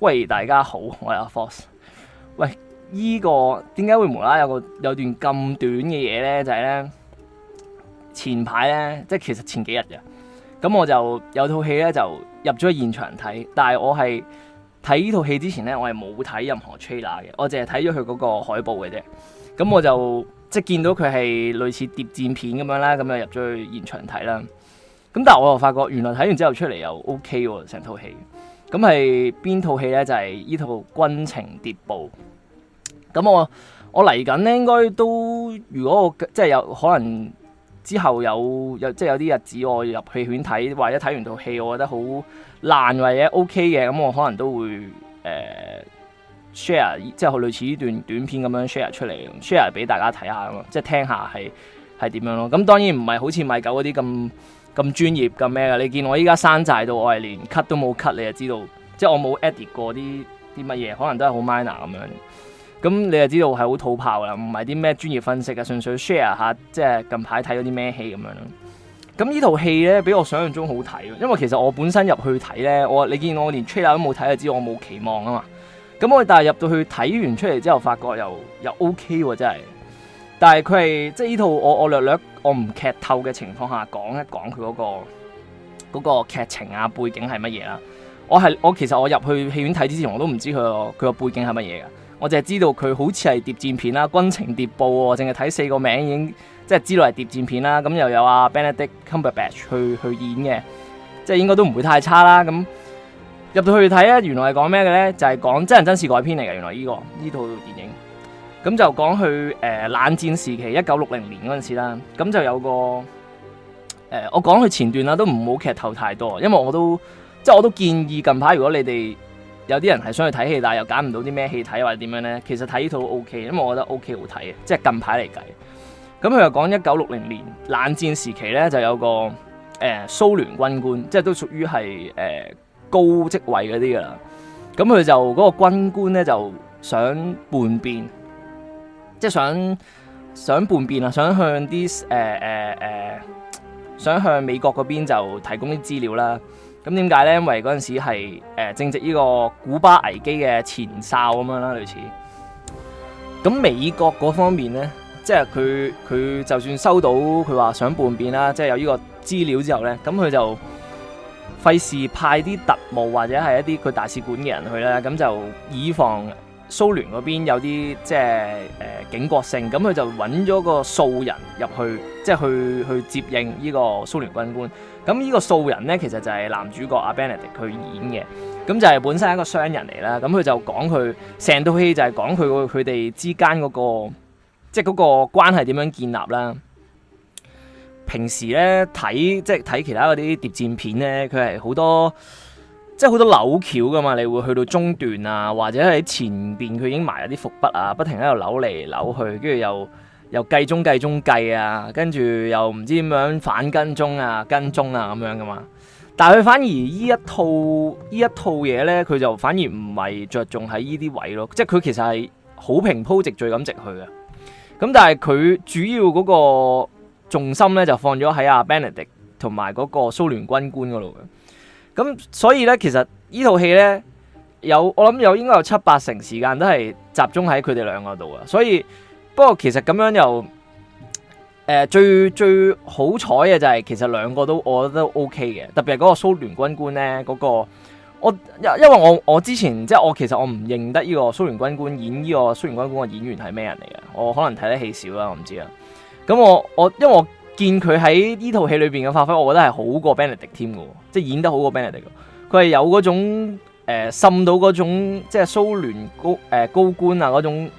喂，大家好，我係阿 Fox。喂，依個點解會無啦有個有段咁短嘅嘢呢？就係呢，前排呢，即係其實前幾日嘅。咁我就有套戲呢，就入咗去現場睇。但係我係睇呢套戲之前呢，我係冇睇任何 trailer 嘅，我淨係睇咗佢嗰個海報嘅啫。咁我就即係見到佢係類似諜戰片咁樣啦，咁就入咗去現場睇啦。咁但係我又發覺，原來睇完之後出嚟，又 OK 喎，成套戲。咁係邊套戲呢？就係依套軍情諜報。咁我我嚟緊咧，應該都如果我即係有可能之後有有即係有啲日子我入戲院睇，或者睇完套戲，我覺得好爛或者 OK 嘅，咁我可能都會誒 share、呃、即係類似依段短片咁樣 share 出嚟，share 俾大家睇下咯，即係聽下係係點樣咯。咁當然唔係好似買狗嗰啲咁。咁專業咁咩噶？你見我依家山寨到我係連 cut 都冇 cut，你就知道，即係我冇 edit 過啲啲乜嘢，可能都係好 minor 咁樣。咁你就知道係好土炮噶，唔係啲咩專業分析啊，純粹 share 下，即係近排睇咗啲咩戲咁樣咯。咁呢套戲咧，比我想象中好睇，因為其實我本身入去睇咧，我你見我連 trailer 都冇睇就知我冇期望啊嘛。咁我但係入到去睇完出嚟之後，發覺又又 OK 喎，真係。但係佢係即係呢套我我略略我唔劇透嘅情況下講一講佢嗰個嗰個劇情啊背景係乜嘢啦？我係我其實我入去戲院睇之前我都唔知佢個佢個背景係乜嘢噶，我淨係知道佢好似係諜戰片啦，軍情諜報喎，淨係睇四個名已經即係知道係諜戰片啦。咁又有阿 Benedict Cumberbatch 去去演嘅，即係應該都唔會太差啦。咁入到去睇啊，原來係講咩嘅咧？就係講真人真事改編嚟嘅，原來呢個呢套電影。咁就講佢誒冷戰時期一九六零年嗰陣時啦，咁就有個誒、呃、我講佢前段啦，都唔好劇透太多，因為我都即係我都建議近排如果你哋有啲人係想去睇戲，但係又揀唔到啲咩戲睇或者點樣呢？其實睇呢套 OK，因為我覺得 OK 好睇嘅，即係近排嚟計。咁佢又講一九六零年冷戰時期呢，就有個誒蘇聯軍官，即係都屬於係誒高職位嗰啲噶啦。咁佢就嗰個軍官呢，就想叛變。即係想想叛變啊！想向啲誒誒誒，想向美國嗰邊就提供啲資料啦。咁點解呢？因為嗰陣時係、呃、正值呢個古巴危機嘅前哨咁樣啦，類似。咁美國嗰方面呢，即係佢佢就算收到佢話想叛變啦，即係有呢個資料之後呢，咁佢就費事派啲特務或者係一啲佢大使館嘅人去啦，咁就以防。蘇聯嗰邊有啲即係誒警覺性，咁佢就揾咗個素人入去，即係去去接應呢個蘇聯軍官。咁呢個素人呢，其實就係男主角阿 Benedict 佢演嘅。咁就係本身係一個商人嚟啦。咁佢就講佢成套戲就係講佢佢哋之間嗰個即係嗰個關係點樣建立啦。平時呢，睇即係睇其他嗰啲諜戰片呢，佢係好多。即係好多扭橋噶嘛，你會去到中段啊，或者喺前邊佢已經埋咗啲伏筆啊，不停喺度扭嚟扭去，跟住又又計中計中計啊，跟住又唔知點樣反跟蹤啊，跟蹤啊，咁樣噶、啊、嘛。但係佢反而呢一套呢一套嘢呢，佢就反而唔係着重喺呢啲位咯，即係佢其實係好平鋪直敍咁直去嘅。咁但係佢主要嗰個重心呢，就放咗喺阿 Benedict 同埋嗰個蘇聯軍官嗰度嘅。咁所以呢，其實呢套戲呢，有我諗有應該有七八成時間都係集中喺佢哋兩個度呀。所以不過其實咁樣又誒、呃、最最好彩嘅就係其實兩個都我覺得都 OK 嘅，特別係嗰個蘇聯軍官呢。嗰、嗰個我因因為我我之前即係我其實我唔認得呢個蘇聯軍官演呢個蘇聯軍官嘅演員係咩人嚟嘅，我可能睇得戲少啦，我唔知啊。咁我我因為我。見佢喺呢套戲裏邊嘅發揮，我覺得係好過 Benedict 添嘅，即係演得好過 Benedict 佢係有嗰種誒滲、呃、到嗰種即係蘇聯高誒、呃、高官啊嗰種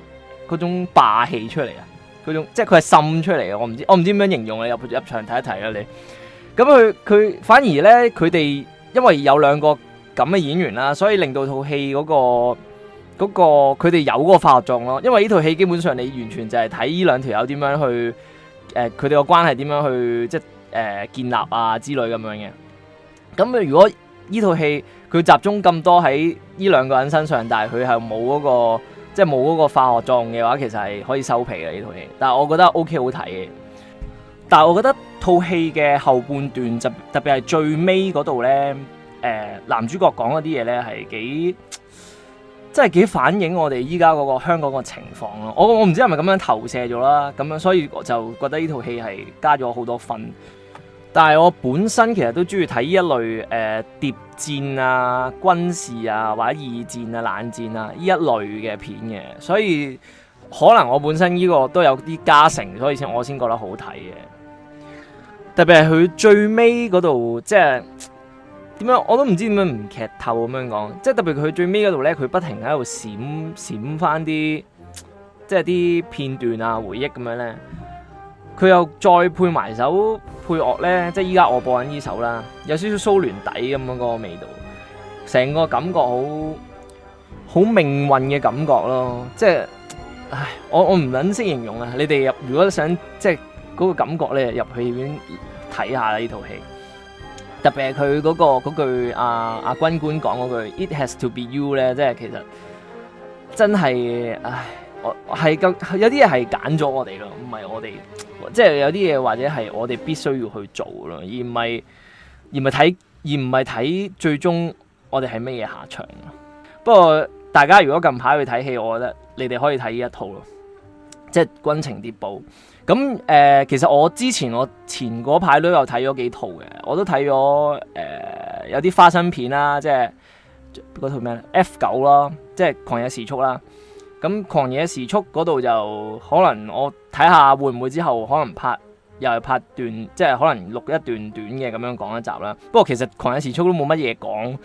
嗰種霸氣出嚟啊，嗰種即係佢係滲出嚟啊！我唔知我唔知點樣形容，你入入場睇一睇啦你。咁佢佢反而呢，佢哋因為有兩個咁嘅演員啦，所以令到套戲嗰個、嗰個佢哋有嗰個化學作用咯。因為呢套戲基本上你完全就係睇呢兩條友點樣去。誒，佢哋個關係點樣去即係、呃、建立啊之類咁樣嘅。咁如果呢套戲佢集中咁多喺呢兩個人身上，但係佢係冇嗰個即係冇嗰個化學作用嘅話，其實係可以收皮嘅呢套戲。但係我覺得 OK 好睇嘅。但係我覺得套戲嘅後半段，特特別係最尾嗰度呢，誒、呃、男主角講嗰啲嘢呢，係幾。真係幾反映我哋依家嗰個香港個情況咯，我我唔知係咪咁樣投射咗啦，咁樣所以我就覺得呢套戲係加咗好多分。但係我本身其實都中意睇呢一類誒，諜戰啊、軍事啊或者二戰啊、冷戰啊依一類嘅片嘅，所以可能我本身呢個都有啲加成，所以先我先覺得好睇嘅。特別係佢最尾嗰度，即係。點樣我都唔知點樣唔劇透咁樣講，即係特別佢最尾嗰度咧，佢不停喺度閃閃翻啲即係啲片段啊回憶咁樣咧，佢又再配埋首配樂咧，即係依家我播緊呢首啦，有少少蘇聯底咁樣嗰個味道，成個感覺好好命運嘅感覺咯，即係唉，我我唔捻識形容啦，啊，你哋入如果想即係嗰，那個感覺咧，入去戲院睇下呢套戲。特別係佢嗰句阿阿軍官講嗰句 “It has to be you” 咧，即係其實真係，唉，我係有啲嘢係揀咗我哋咯，唔係我哋，即係有啲嘢或者係我哋必須要去做咯，而唔係而唔係睇而唔係睇最終我哋係乜嘢下場。不過大家如果近排去睇戲，我覺得你哋可以睇呢一套咯，即係《軍情諜報》。咁誒、呃，其實我之前我前嗰排都有睇咗幾套嘅，我都睇咗誒有啲花生片啦、啊，即係嗰套咩 F 九啦，即係狂野時速啦、啊。咁狂野時速嗰度就可能我睇下會唔會之後可能拍。又係拍段，即係可能錄一段短嘅咁樣講一集啦。不過其實《狂野時速》都冇乜嘢講。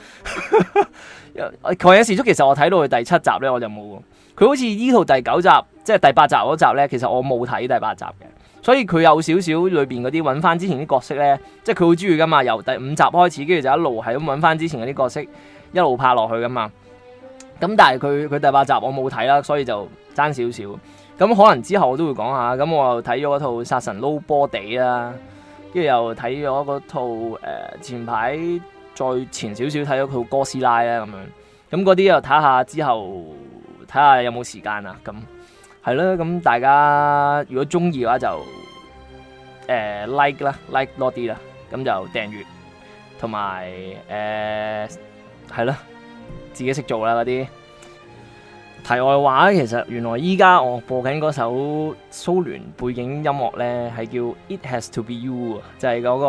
《狂野時速》其實我睇到佢第七集呢，我就冇喎。佢好似呢套第九集，即係第八集嗰集呢，其實我冇睇第八集嘅。所以佢有少少裏邊嗰啲揾翻之前啲角色呢，即係佢好鍾意噶嘛。由第五集開始，跟住就一路係咁揾翻之前嗰啲角色一路拍落去噶嘛。咁但係佢佢第八集我冇睇啦，所以就爭少少。咁可能之後我都會講下，咁我又睇咗套殺神撈波地啦，跟住又睇咗套誒、呃、前排再前少少睇咗套哥斯拉啦咁樣，咁嗰啲又睇下之後睇下有冇時間啊，咁係咯，咁大家如果中意嘅話就誒、呃、like 啦，like 多啲啦，咁就訂閲同埋誒係咯，自己識做啦嗰啲。題外話，其實原來依家我播緊嗰首蘇聯背景音樂呢，係叫《It Has To Be You》，就係嗰個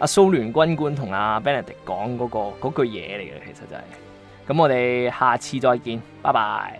阿蘇聯軍官同阿 Benedict 講嗰個嗰句嘢嚟嘅。其實就係咁，我哋下次再見，拜拜。